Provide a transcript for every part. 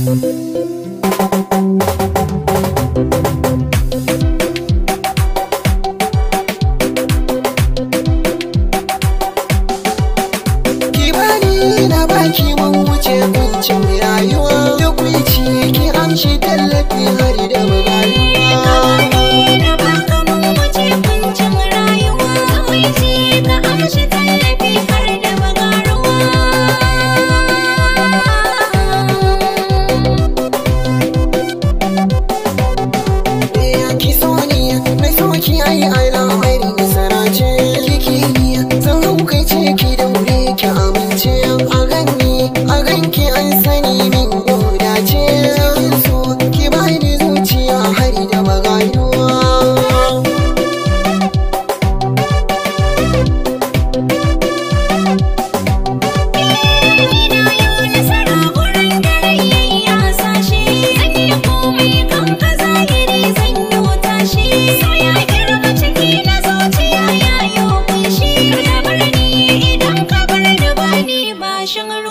Thank you.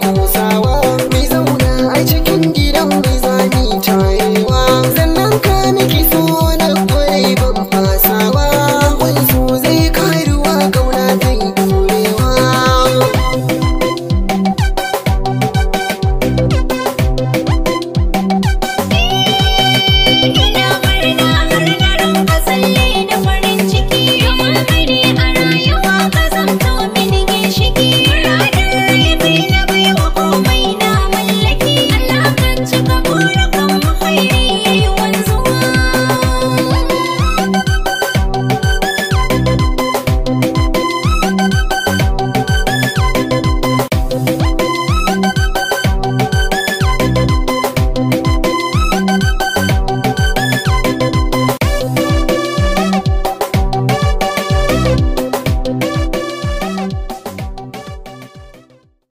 Hausawa